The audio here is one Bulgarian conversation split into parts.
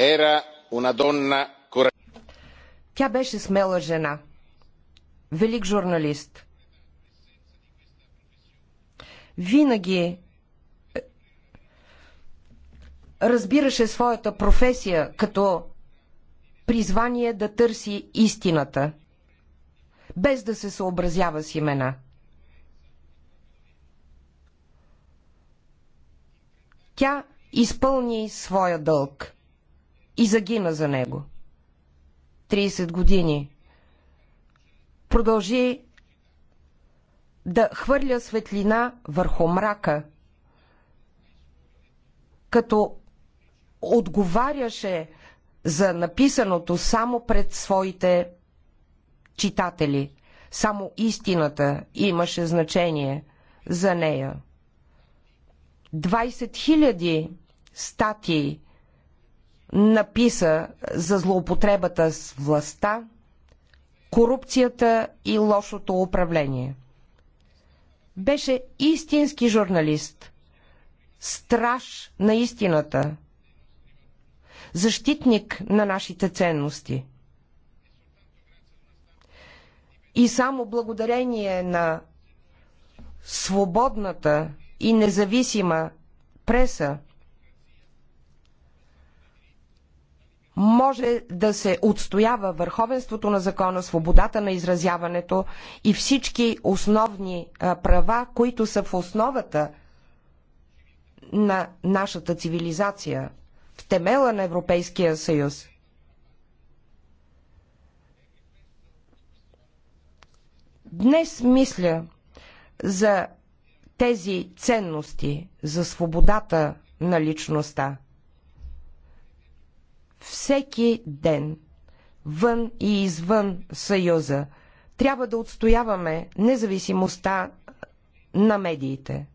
Era una donna Тя беше смела жена, велик журналист. Винаги е, разбираше своята професия като призвание да търси истината, без да се съобразява с имена. Тя изпълни своя дълг и загина за него. 30 години. Продължи да хвърля светлина върху мрака, като отговаряше за написаното само пред своите читатели. Само истината имаше значение за нея. 20 000 статии написа за злоупотребата с властта, корупцията и лошото управление. Беше истински журналист, страж на истината, защитник на нашите ценности. И само благодарение на свободната и независима преса може да се отстоява върховенството на закона, свободата на изразяването и всички основни права, които са в основата на нашата цивилизация, в темела на Европейския съюз. Днес мисля за тези ценности, за свободата на личността – всеки ден, вън и извън Съюза, трябва да отстояваме независимостта на медиите.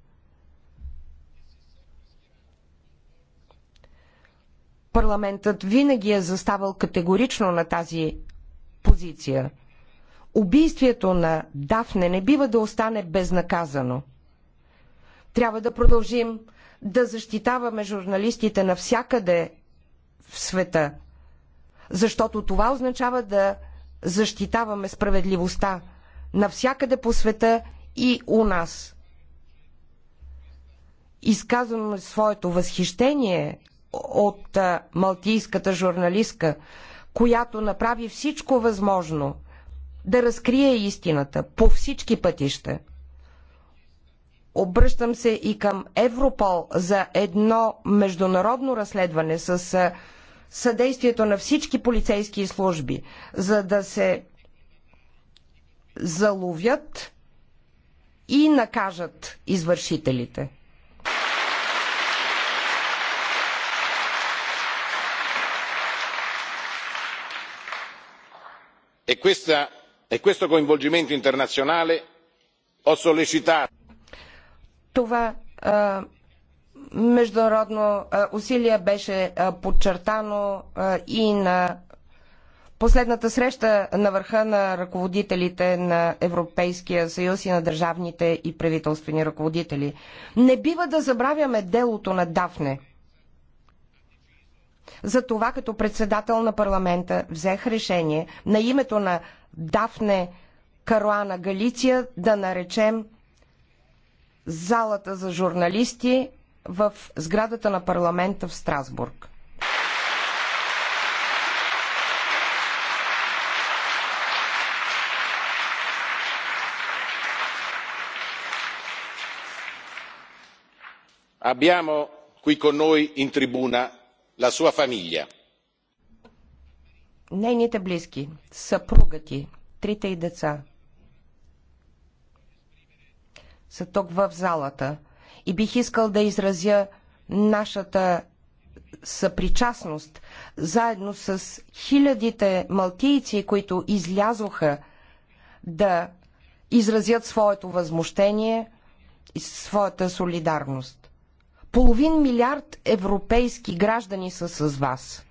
Парламентът винаги е заставал категорично на тази позиция. Убийствието на Дафне не бива да остане безнаказано. Трябва да продължим да защитаваме журналистите навсякъде в света. Защото това означава да защитаваме справедливостта навсякъде по света и у нас. Изказвам своето възхищение от малтийската журналистка, която направи всичко възможно да разкрие истината по всички пътища. Обръщам се и към Европол за едно международно разследване с съдействието на всички полицейски служби, за да се заловят и накажат извършителите. E, questa, e questo coinvolgimento internazionale ho sollecitato. Това а, международно усилие беше подчертано и на последната среща на върха на ръководителите на Европейския съюз и на държавните и правителствени ръководители. Не бива да забравяме делото на Дафне. За това като председател на парламента взех решение на името на Дафне Каруана Галиция да наречем залата за журналисти в сградата на парламента в Страсбург. Abbiamo qui con noi in tribuna la sua famiglia. Нейните близки, съпругът ти, трите и деца са тук в залата – и бих искал да изразя нашата съпричастност заедно с хилядите малтийци, които излязоха да изразят своето възмущение и своята солидарност. Половин милиард европейски граждани са с вас.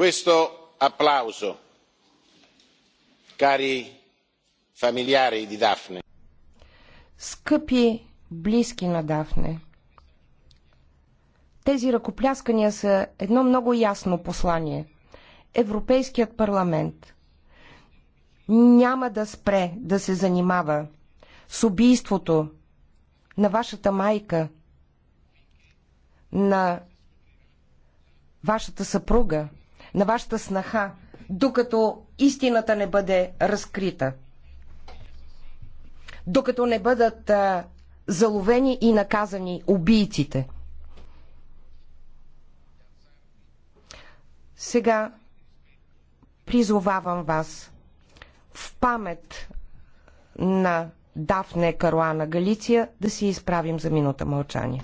questo applauso cari familiari di Daphne. Скъпи близки на Дафне, тези ръкопляскания са едно много ясно послание. Европейският парламент няма да спре да се занимава с убийството на вашата майка, на вашата съпруга, на вашата снаха, докато истината не бъде разкрита. Докато не бъдат а, заловени и наказани убийците. Сега призовавам вас в памет на Дафне Каруана Галиция да си изправим за минута мълчание.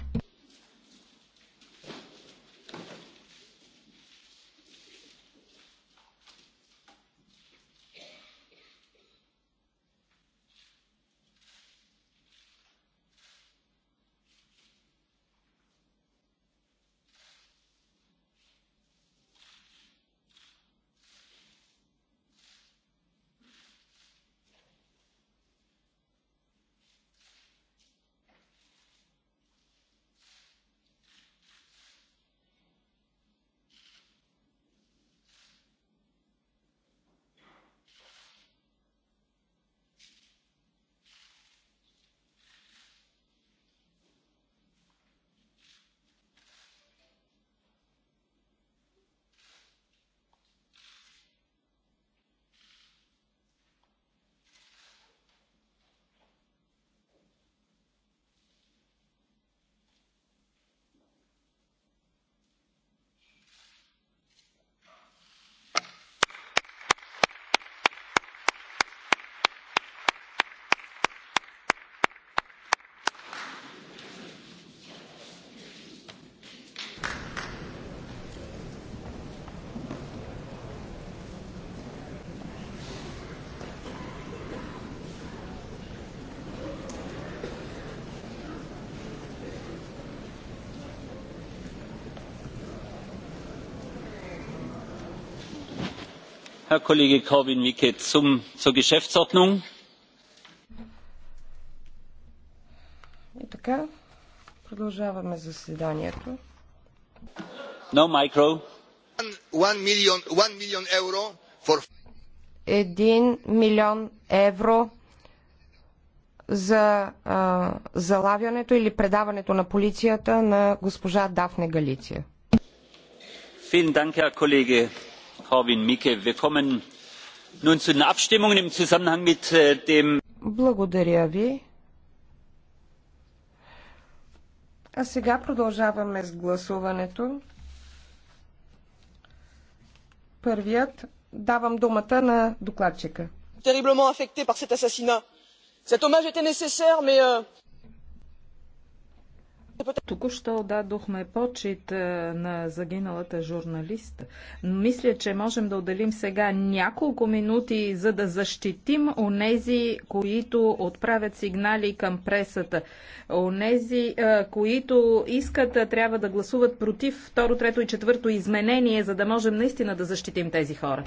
herr kollege korwin mikke zur geschäftsordnung. И така, продължаваме заседанието. No micro. One million, one million euro for... Един милион евро за а, залавянето или предаването на полицията на госпожа Дафне Галиция. Vielen Dank, Herr Kollege. Äh, Благодаря ви. А сега продължаваме с гласуването. Първият давам думата на докладчика. Terriblement affecté par cet assassinat. Cet hommage était nécessaire, mais euh, Току-що дадохме почет на загиналата журналист. Мисля, че можем да отделим сега няколко минути, за да защитим онези, които отправят сигнали към пресата. Онези, които искат, трябва да гласуват против второ, трето и четвърто изменение, за да можем наистина да защитим тези хора.